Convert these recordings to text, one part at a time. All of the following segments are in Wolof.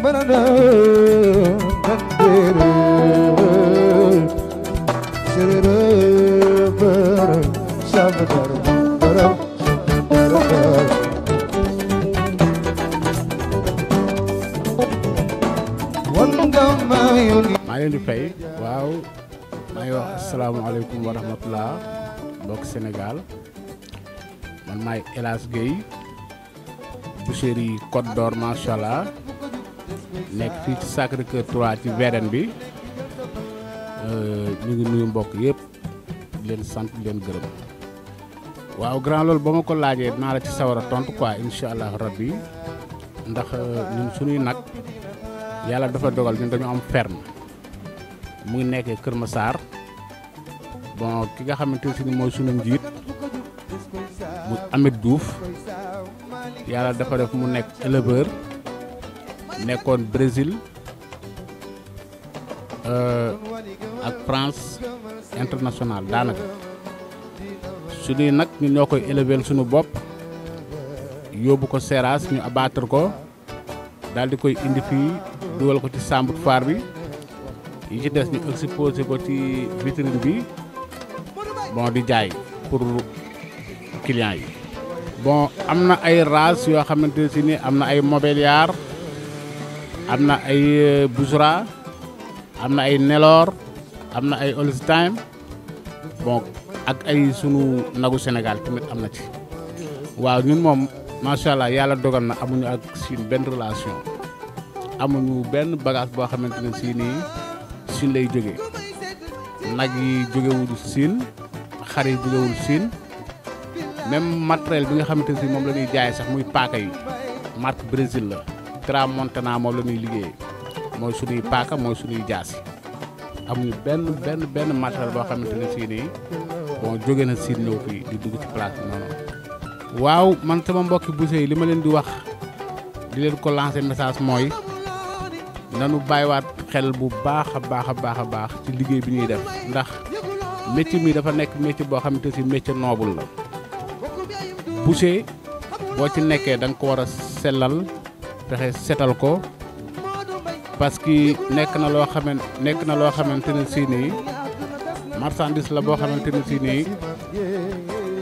maa leen di fay waaw maa ngi wax asalaamaaleykum wa rahmatulah mbokk Sénégal man d'Or nek fi ci Sacré Cœur 3 ci VDN bi euh ñu ngi nuyu mbokk yépp di leen sant di leen gërëm waaw grand lool ba ma ko laajee dinaa la ci sawar a tontu quoi incha allah rabbi ndax euh, ñun suñuy nag yàlla dafa dogal ñun dañu am ferme mu ngi nekkee Kër ma Massar bon ki nga xamante ne mooy suñu njiit mu Ameth Diouf yàlla dafa def mu nekk éleveur. nekkoon Brésil euh, ak France international daanaka suñuy nag ñu ñoo koy élever suñu bopp yóbbu ko Seras ñu abattre ko daal di koy indi fii dugal ko ci chambre froide bi yi ci des ñu exposé ko ci vitrine bi bon di jaay pour clients yi. bon am na ay races yoo xamante ne si ni am na ay mobiliar am na ay euh, Boussoura am na ay Nelor am na ay Holstein bon ak ay sunu nagu Sénégal tamit am na ci waaw ñun moom macha allah yàlla dogal na amuñu ak Chine benn relation amuñu benn bagage boo xamante ne sii nii Chine lay jóge nag yi jógewul Chine xar yi jógewul Chine même matériel bi nga xamante ne si moom la ñuy jaay sax muy paaka mat marque tramontana moom la ñuy liggéeyee mooy suñuy paaka mooy suñuy jaasi amuñu benn benn benn matériel boo xamante ne sii nii bon jóge na siin ñëw fii di dugg ci place bi noonu waaw man sama mbokki buse yi li ma leen di wax di leen ko lancer message mooy nanu bàyyiwaat xel bu baax a baax a baax a baax ci liggéey bi ñuy def ndax métier mii dafa nekk métier boo xamante ne si métier noble la boucher boo ci nekkee da ko war a sellal pexe seetal ko parce que nekk na loo xaman nekk na loo xamante ne si nii marchandise la boo xamante ne si nii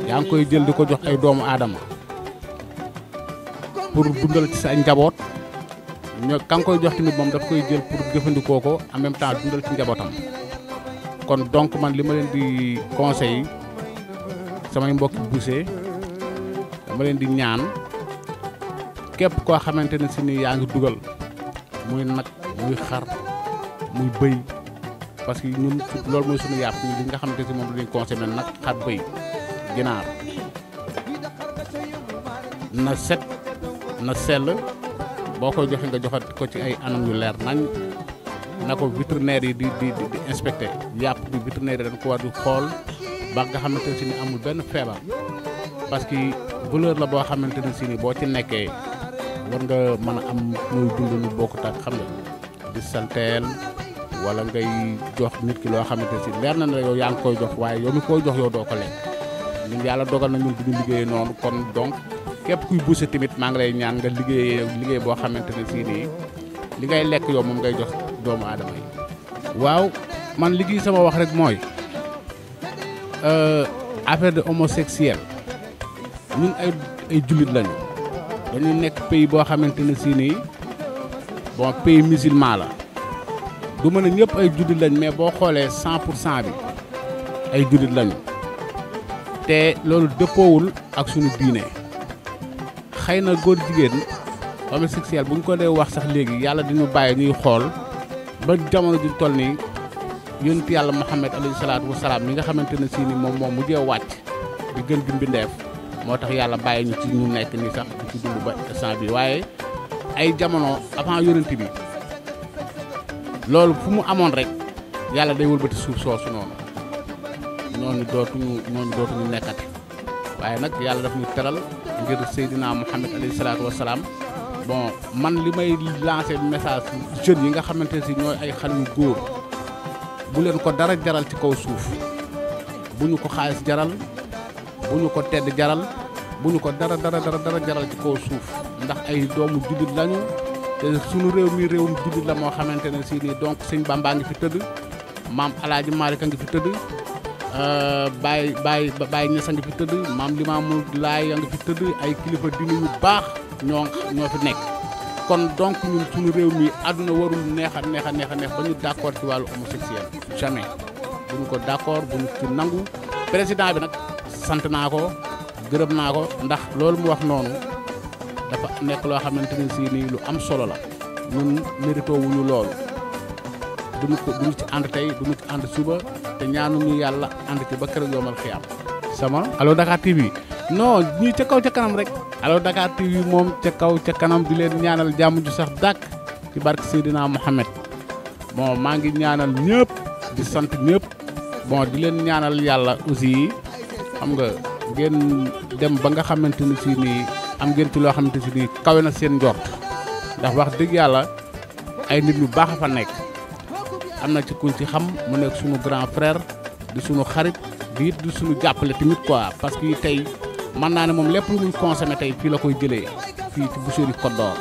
yaa ngi koy jël di ko jox ay doomu aadama pour dundal ci sa njaboot ñoo ka nga koy jox tamit moom daf koy jël pour jëfandikoo ko en même temps dundal ci njabootam kon donc man li di conseil samay mbokki buuse dama di ñaan képp koo xamante ne si ni yaa ngi dugal muy nag muy xar muy bëy parce que ñun loolu mooy suñu yàpp li nga xamante si moom la ñuy consommé nag xar bëy ginaar na set na sell boo koy joxe nga joxat ko ci ay anam yu leer nañ na ko vétérinaire yi di di di inspecté yàpp bi vétérinaire yi dañ ko war di xool ba nga xamante ne si ni amul benn feebar parce que valeur la boo xamante ne si ni boo ci nekkee war nga mën a am nooy dund boo ko ak xam nga di santeel wala ngay jox nit ki loo xamante si leer na ne yow yaa ngi koy jox waaye yow mi koy jox yow doo ko lekk ñun yàlla dogal na ñun du ñu liggéeyee noonu kon donc képp kuy buuse tamit maa ngi lay ñaan nga liggéeyee liggéey boo xamante ne sii nii li ngay lekk yow moom ngay jox doomu aadama yi. waaw man liggéey sama wax rek mooy euh, affaire de homosexuel ñun ay ay jullit lañu. dañu nekk pays boo xamante ne si nii bon pays musulman la du mën a ñëpp ay juddit lañ mais boo xoolee cent pour cent bi ay juddit lañu te loolu dëppoowul ak suñu diine xëy na góor jigéen homosexuel bu ñu ko dee wax sax léegi yàlla di dañu bàyyi ñuy xool ba jamono ju toll nii yonent yàlla Muhammad alayhi salaatu wasalaam mi nga xamante ne si ni moom moom mujjee wàcc di gën gi mbindeef moo tax yàlla bàyyi ñu ci ñu nekk nii sax di ci dund ba instant bi waaye ay jamono avant yonent bi loolu fu mu amoon rek yàlla day wëlbati suuf soosu noonu ñooñu dootuñu ñooñu dootuñu nekkati waaye nag yàlla daf ñu teral ngir Seydina Muhammad alayhi salaatu wa salaam bon man li may lancer message jeunes yi nga xamante ne si ñooy ay xale yu góor bu leen ko dara jaral ci kaw suuf bu ñu ko xaalis jaral. bu ñu ko tedd jaral bu ñu ko dara dara dara dara jaral ci ko suuf ndax ay doomu jullit lañu te sunu réew mi réewum jullit la moo xamante ne si nii donc sëñ Bamba ngi fi tëdd maam alaaj Maalik a ngi fi tëdd euh, Baay Baay Baay Ñas a ngi fi tëdd maam Limaamu Laay a ngi fi tëdd ay kilifa diine yu baax ñoo ñoo fi nekk kon donc ñun suñu réew mi àdduna warul neex a neex a neex a neex ba ñu d'accord ci wàllu homosexuel jamais bu ñu ko d'accord bu ñu ci nangu président sant naa ko gërëm naa ko ndax loolu mu wax noonu dafa nekk loo xamante ne si nii lu am solo la ñun mérito wuñu loolu duñu ko duñu ci ànd tey duñu ci ànd suba te ñaanuñu yàlla ànd ci ba keroog yomal xiyam sama allo Dakar TV noo ñuy ca kaw ca kanam rek allo Dakar TV moom ca kaw ca kanam di leen ñaanal jàmm ju sax dàkk ci barke Seydina Mohamed bon maa ngi ñaanal ñëpp di sant ñëpp bon di leen ñaanal yàlla aussi xam nga ngeen dem ba nga xamante ni si nii am ngeen ci loo xamante si ni kawe na seen njort ndax wax dëgg yàlla ay nit ñu baax fa nekk am na ci kuñ ci xam mu nekk suñu grand frère di suñu xarit di it di suñu jàppale tamit quoi parce que tey mën naa ne moom lépp lu muy consommé tey fii la koy jëlee fii ci Boucherie Côte d'Or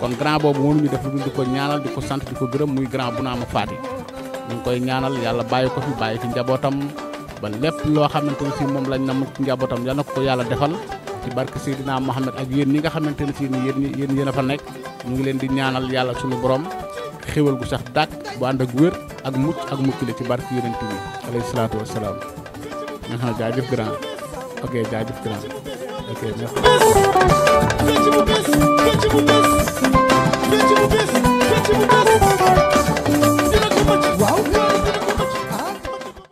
kon grand boobu ñu def lu di ko ñaanal di ko sant di ko gërëm muy grand bu naama faati ñu ngi koy ñaanal yàlla bàyyi ko fi bàyyi ci njabootam ba lépp loo xamante ne si moom lañ na mu njabootam yal na ko ko yàlla defal ci barke Seydina Mohamed ak yéen ñi nga xamante ne si nii yéen yéen yéen a fa nekk mu ngi leen di ñaanal yàlla sumu borom xéwal bu sax dàkk bu ànd ak wér ak mucc ak mucc la ci barke yonent bi alayhi salaatu wasalaam aha jaajëf grand ok jaajëf grand ok merci